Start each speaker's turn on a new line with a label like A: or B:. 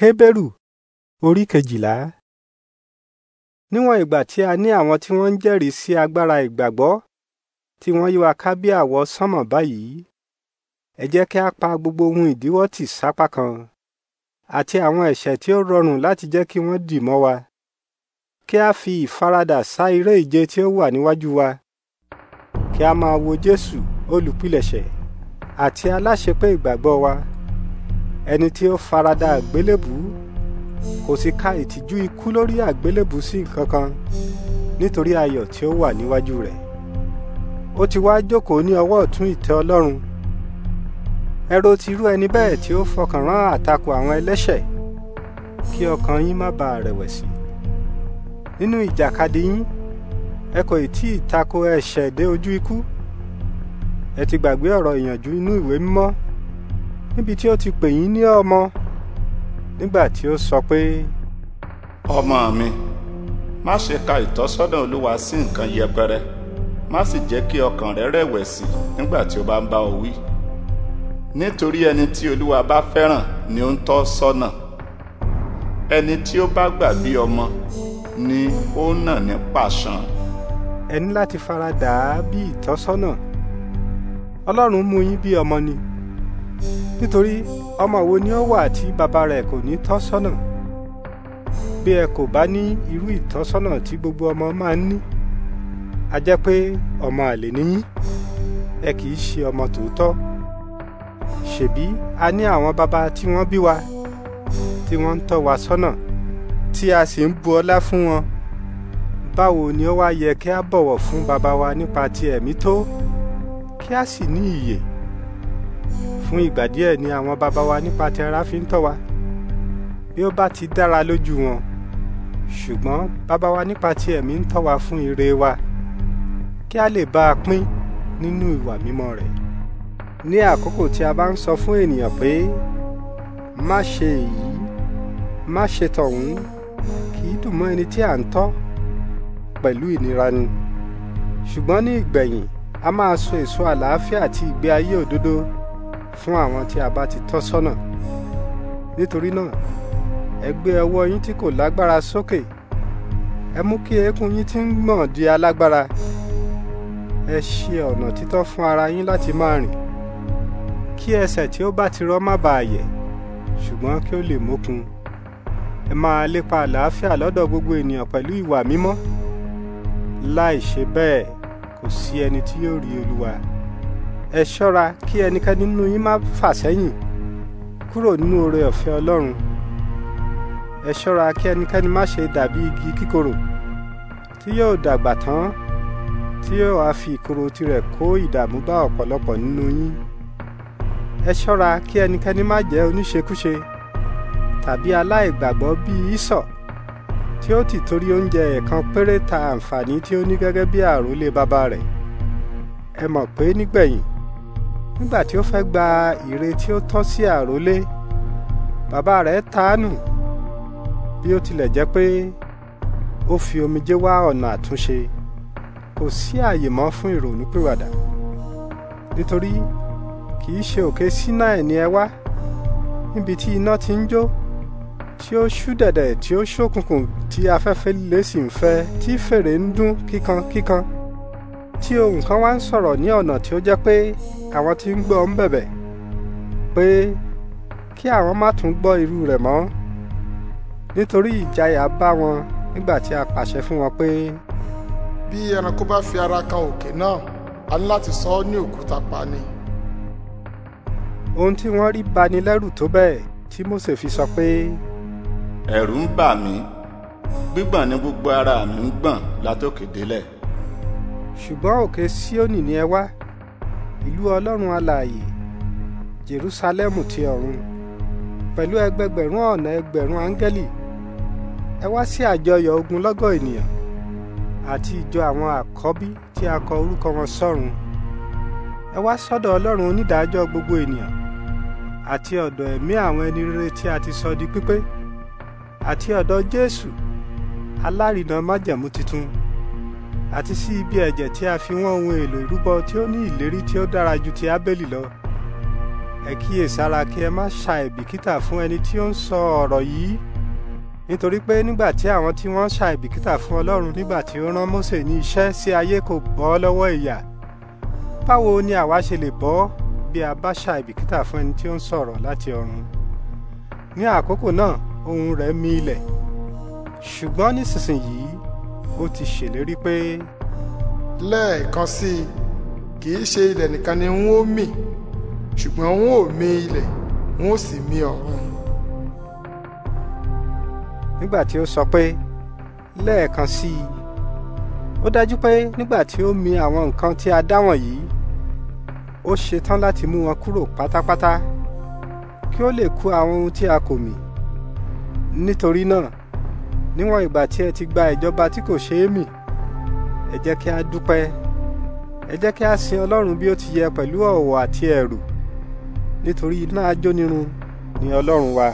A: Hébérù orí kejìlá. Níwọ̀n ìgbà tí a ní àwọn tí wọ́n ń jẹ́rìí sí agbára ìgbàgbọ́ tí wọ́n yí wa ká bí àwọ̀ sánmọ̀ báyìí ẹ jẹ́ kí a pa gbogbo ohun ìdíwọ́ tì sápá kan àti àwọn ẹ̀ṣẹ̀ tí ó rọrùn láti jẹ́ kí wọ́n dì mọ́ wa kí a fi ìfaradà sá eré ìje tí ó wà níwájú wa kí a máa wo Jésù olùpilẹ̀ṣẹ̀ àti aláṣepé ìgbàgbọ́ wa ẹni tí ó farada àgbélébù kò sì ka ìtìjú ikú lórí àgbélébù sí nǹkan kan nítorí ayọ̀ tí ó wà níwájú rẹ̀ ó ti wá jókòó ní ọwọ́ ọ̀tún ìtẹ́ Ọlọ́run ẹ rò ti irú ẹni bẹ́ẹ̀ tí ó fọkàn rán àtakò àwọn ẹlẹ́ṣẹ̀ kí ọkàn yín má bàa rẹ̀wẹ̀sì nínú ìjàkadì yín ẹ kò tí ì tako ẹ̀ṣẹ̀ dé ojú ikú ẹ ti gbàgbé ọ̀rọ̀ ìyànjú inú ìwé mímọ́ níbi tí ó ti pè yín ní ọmọ nígbà tí ó sọ pé. ọmọ mi má ṣe ka ìtọ́sọ́nà olúwa sí nǹkan yẹpẹrẹ má sì jẹ́ kí ọkàn rẹ rẹ̀wẹ̀sì nígbà tí ó bá ń bá ọ wí nítorí ẹni tí olúwa bá fẹ́ràn ni ó ń tọ́ sọ́nà ẹni tí ó bá gbà bí ọmọ ni ó nà ní pàṣán. ẹ láti fara dà á bí ìtọ́sọ́nà ọlọ́run mú yín bí ọmọ ni nítorí ọmọ wo ni ó wà tí bàbá rẹ̀ kò ní tọ́ sọ́nà bí ẹ kò bá ní irú ìtọ́sọ́nà tí gbogbo ọmọ máa ń ní a jẹ́ pé ọmọ àlè ni yín ẹ kì í ṣe ọmọ tòótọ́ ṣèbí a ní àwọn bàbá tí wọ́n bí wa tí wọ́n ń tọ́ wa sọ́nà tí a sì ń bu ọlá fún wọn báwo ni ó wá yẹ kí a bọ̀wọ̀ fún bàbá wa nípa ti ẹ̀mí tó kí a sì ní ìyè fún ìgbà díẹ̀ ni àwọn bàbá wa nípa ti fi ń tọ́ wa bí ó bá ti dára lójú wọn ṣùgbọ́n bàbá wa nípa ti ẹ̀mí ń tọ́ wa fún ire wa kí a lè bá a pín nínú ìwà mímọ́ rẹ̀ ní àkókò tí a bá ń sọ fún ènìyàn pé má ṣe èyí má ṣe tọ̀hún kì í dùn mọ́ ẹni tí à ń tọ́ pẹ̀lú ìnira ni ṣùgbọ́n ní ìgbẹ̀yìn a máa so èso àlàáfíà àti ìgbé ayé òdodo fún àwọn tí a bá ti tọ́ sọ́nà nítorí náà ẹ gbé ọwọ́ yín tí kò lágbára sókè ẹ mú kí eékún yín tí ń gbọ̀n di alágbára ẹ ṣe ọ̀nà títọ́ fún ara yín láti máa rìn kí ẹsẹ̀ tí ó bá ti rọ́ má bàa yẹ̀ ṣùgbọ́n kí ó lè mókun ẹ máa lépa àlàáfíà lọ́dọ̀ gbogbo ènìyàn pẹ̀lú ìwà mímọ́ láì ṣe bẹ́ẹ̀ kò sí ẹni tí yóò rí olúwa ẹ ṣọ́ra kí ẹnikẹ́ni nínú yín má fà sẹ́yìn kúrò nínú oore ọ̀fẹ́ Ọlọ́run ẹ ṣọ́ra kí ẹnikẹ́ni má ṣe dàbí igi kíkorò tí yóò dàgbà tán tí yóò wá fi ìkorò tirẹ̀ kó ìdààmú bá ọ̀pọ̀lọpọ̀ nínú yín ẹ ṣọ́ra kí ẹnikẹ́ni má jẹ́ oníṣekúṣe tàbí aláìgbàgbọ́ bíi Ísọ̀ tí ó ti torí oúnjẹ ẹ̀kan péré ta àǹfààní tí ó ní gẹ́gẹ́ bí àròlé bàbá rẹ̀ ẹ mọ̀ pé nígbẹ̀yìn nígbà tí ó fẹ́ gba ire tí ó tọ́ sí àrólé bàbá rẹ̀ tánù bí ó tilẹ̀ jẹ́ pé ó fi omijé wá ọ̀nà àtúnṣe kò sí àyè mọ́ fún ìrònúpìwàdà nítorí kì í ṣe òkè Sínáì ni ẹ wá níbi tí iná ti ń jó tí ó ṣú dẹ̀dẹ̀ tí ó ṣókùnkùn tí afẹ́fẹ́ líle sì ń fẹ́ tí fèrè ń dún kíkan kíkan tí ohùn kan wá ń sọ̀rọ̀ ní ọ̀nà tí ó jẹ́ pé àwọn tí ń gbọ́ ń bẹ̀bẹ̀ pé kí àwọn má tún gbọ́ irú rẹ̀ mọ́ nítorí ìjayà bá wọn nígbà tí a pàṣẹ fún wọn pé. bí ẹranko bá fi ara kan òkè náà a ní láti sọ ọ́ ní òkúta pa ni. ohun tí wọ́n rí bani lẹ́rù tó bẹ́ẹ̀ tí Mósè fi sọ pé. ẹ̀rù ń bà mí gbígbọ̀n ní gbogbo ara mi ń gbọ̀n látòkè délẹ̀ ṣùgbọ́n òkè síónì ni ẹ wá ìlú ọlọ́run alààyè jerúsálẹ́mù ti ọ̀run pẹ̀lú ẹgbẹgbẹ̀rún ọ̀nà ẹgbẹ̀rún áńgẹ́lì ẹ wá sí àjọyọ̀ ogunlọ́gọ̀ ènìyàn àti ìjọ àwọn àkọ́bí tí a kọ orúkọ wọn sọ́run ẹ wá sọ́dọ̀ ọlọ́run onídàájọ́ gbogbo ènìyàn àti ọ̀dọ̀ ẹ̀mí àwọn ẹni rere tí a ti sọ di pípé àti ọ̀dọ̀ jésù alárìnà májẹ̀mú tuntun àti sí ibi ẹ̀jẹ̀ tí a fi wọ́n ohun èlò ìrúbọ tí ó ní ìlérí tí ó dára ju ti ábélì lọ ẹ kíyèsára kí ẹ má ṣàìbìkítà fún ẹni tí ó ń sọ ọ̀rọ̀ yìí nítorí pé nígbà tí àwọn tí wọ́n ṣàìbìkítà fún ọlọ́run nígbà tí ó rán Mósè ní iṣẹ́ sí ayé kò bọ́ lọ́wọ́ ìyà báwo ni àwa ṣe lè bọ́ bí a bá ṣàìbìkítà fún ẹni tí ó ń sọ̀rọ̀ láti ọ̀run ní àkókò náà ohùn rẹ̀ mì ilẹ̀ ṣùgbọ́n nísinsìnyí ó ti ṣèlérí pé. lẹ́ẹ̀kan sí i kì í ṣe ilẹ̀ nìkan ni n ó mì ṣùgbọ́n n ó mi ilẹ̀ n ó sì mi ọ̀run. nígbà tí ó sọ pé lẹ́ẹ̀kan sí i ó dájú pé nígbà tí ó mi àwọn nǹkan tí a dá wọ̀nyí ó ṣetán láti mú wọn kúrò pátápátá kí ó lè kù àwọn ohun tí a kò mì nítorí náà níwọ̀n ìgbà tí ẹ ti gba ìjọba tí kò ṣeé mì ẹ jẹ́ kí a dúpẹ́ ẹ jẹ́ kí a sin ọlọ́run bí ó ti yẹ pẹ̀lú ọ̀wọ̀ àti ẹ̀rù nítorí iná ajónirun ni ọlọ́run wa.